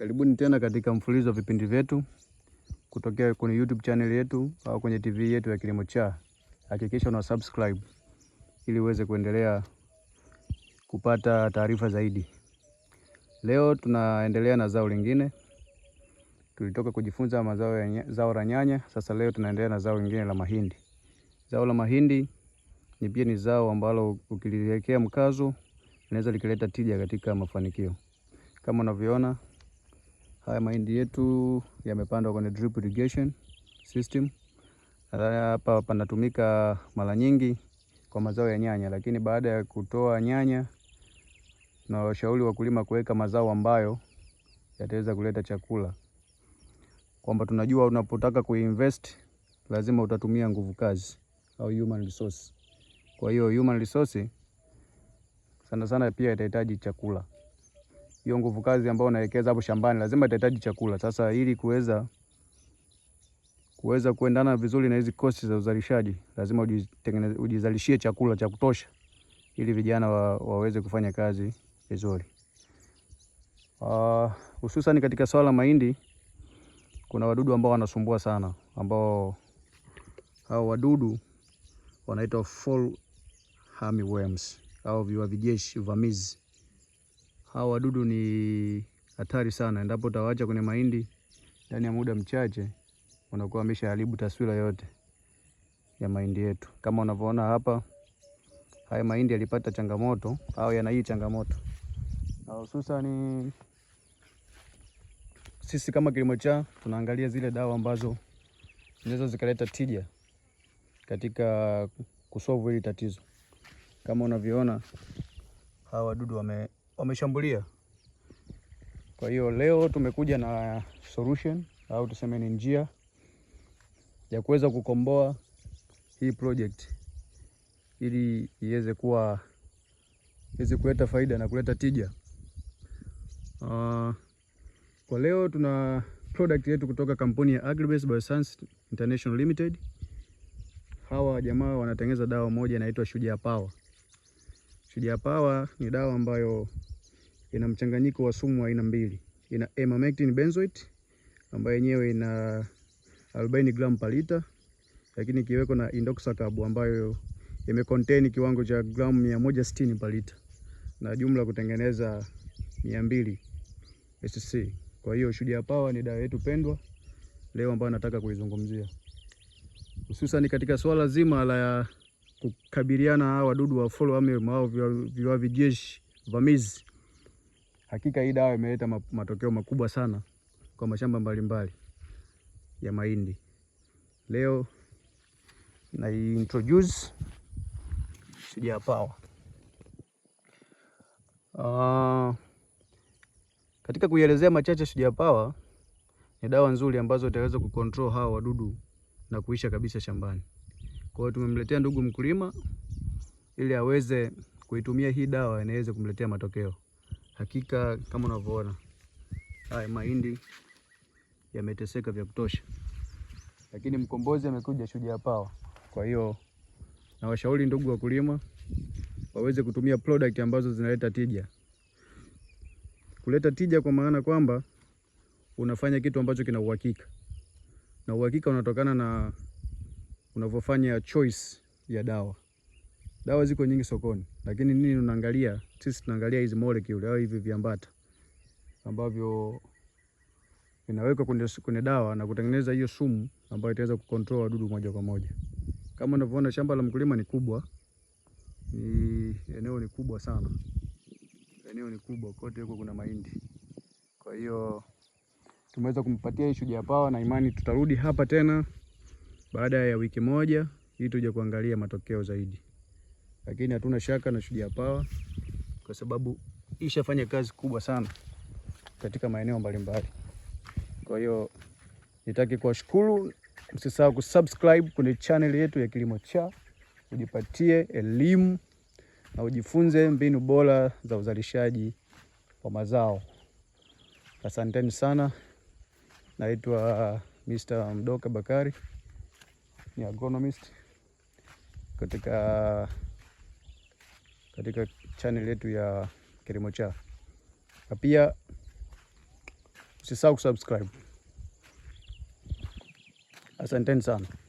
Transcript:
Karibuni tena katika mfululizo wa vipindi vyetu kutokea kwenye YouTube channel yetu au kwenye TV yetu ya Kilimo Cha. Hakikisha una subscribe ili uweze kuendelea kupata taarifa zaidi. Leo tunaendelea na zao lingine. Tulitoka kujifunza mazao ya zao la nyanya, sasa leo tunaendelea na zao lingine la mahindi. Zao la mahindi ni pia ni zao ambalo ukiliwekea mkazo linaweza likileta tija katika mafanikio. Kama unavyoona Haya mahindi yetu yamepandwa kwenye drip irrigation system. Hapa panatumika mara nyingi kwa mazao ya nyanya, lakini baada ya kutoa nyanya na washauri wakulima kuweka mazao ambayo yataweza kuleta chakula, kwamba tunajua unapotaka kuinvest lazima utatumia nguvu kazi au human resource. Kwa hiyo human resource sana sana pia itahitaji chakula hiyo nguvu kazi ambayo unaelekeza hapo shambani lazima itahitaji chakula. Sasa ili kuweza kuweza kuendana vizuri na hizi kosti za uzalishaji, lazima ujizalishie chakula cha kutosha ili vijana wa, waweze kufanya kazi vizuri ah, hususan uh, katika swala mahindi kuna wadudu ambao wanasumbua sana, ambao hao wadudu wanaitwa fall armyworms au viwavijeshi vamizi. Hawa wadudu ni hatari sana, endapo utawaacha kwenye mahindi ndani ya muda mchache, wanakuwa wameshaharibu taswira yote ya mahindi yetu. Kama unavyoona hapa, haya mahindi yalipata changamoto au yana hii changamoto, na hususani sisi kama kilimo cha tunaangalia zile dawa ambazo zinaweza zikaleta tija katika kusolve hili tatizo. Kama unavyoona hawa wadudu wame wameshambulia. Kwa hiyo leo tumekuja na solution au tuseme ni njia ya kuweza kukomboa hii project ili iweze kuwa iweze kuleta faida na kuleta tija. Uh, kwa leo tuna product yetu kutoka kampuni ya Agribase Bioscience International Limited. Hawa jamaa wanatengeneza dawa moja inaitwa Shujaa Power. Shujaa Power ni dawa ambayo ina mchanganyiko wa sumu aina mbili, ina emamectin benzoate ambayo yenyewe ina 40 gram per lita, lakini ikiweko na indoxacarb ambayo imecontain kiwango cha gram 160 per lita na jumla kutengeneza 200 SC. Kwa hiyo Shujaa Power ni dawa yetu pendwa leo ambayo nataka kuizungumzia hususan katika swala zima la kukabiliana na wadudu wa follow folo ama viwavi jeshi vamizi Hakika hii dawa imeleta matokeo makubwa sana kwa mashamba mbalimbali ya mahindi. Leo na introduce Shujaa Power. Uh, katika kuielezea machache, Shujaa Power ni dawa nzuri ambazo itaweza kucontrol hawa wadudu na kuisha kabisa shambani. Kwa hiyo tumemletea ndugu mkulima ili aweze kuitumia hii dawa inaweza kumletea matokeo. Hakika kama unavyoona haya mahindi yameteseka vya kutosha, lakini mkombozi amekuja shujaa pawa. Kwa hiyo nawashauri ndugu wakulima waweze kutumia product ambazo zinaleta tija. Kuleta tija kwa maana kwamba unafanya kitu ambacho kina uhakika, na uhakika unatokana na unavyofanya choice ya dawa. Dawa ziko nyingi sokoni, lakini nini unaangalia? Sisi tunaangalia hizi molecule au hivi viambata ambavyo vinawekwa kwenye, kwenye dawa na kutengeneza hiyo sumu ambayo itaweza kukontrol wadudu moja kwa moja. Kama unavyoona shamba la mkulima ni kubwa, ni eneo ni kubwa sana, eneo ni kubwa, kote huko kuna mahindi. Kwa hiyo tumeweza kumpatia hii Shujaa na imani tutarudi hapa tena baada ya wiki moja ili tuje kuangalia matokeo zaidi lakini hatuna shaka na Shujaa Pawa kwa sababu ishafanya kazi kubwa sana katika maeneo mbalimbali. Kwa hiyo nitaki kuwashukuru, msisahau kusubscribe kwenye channel yetu ya Kilimo Cha, ujipatie elimu na ujifunze mbinu bora za uzalishaji wa mazao. Asanteni sana. Naitwa Mr. Mdoka Bakari, ni agronomist katika katika channel yetu ya Kilimocha, na pia usisahau kusubscribe. Asanteni sana.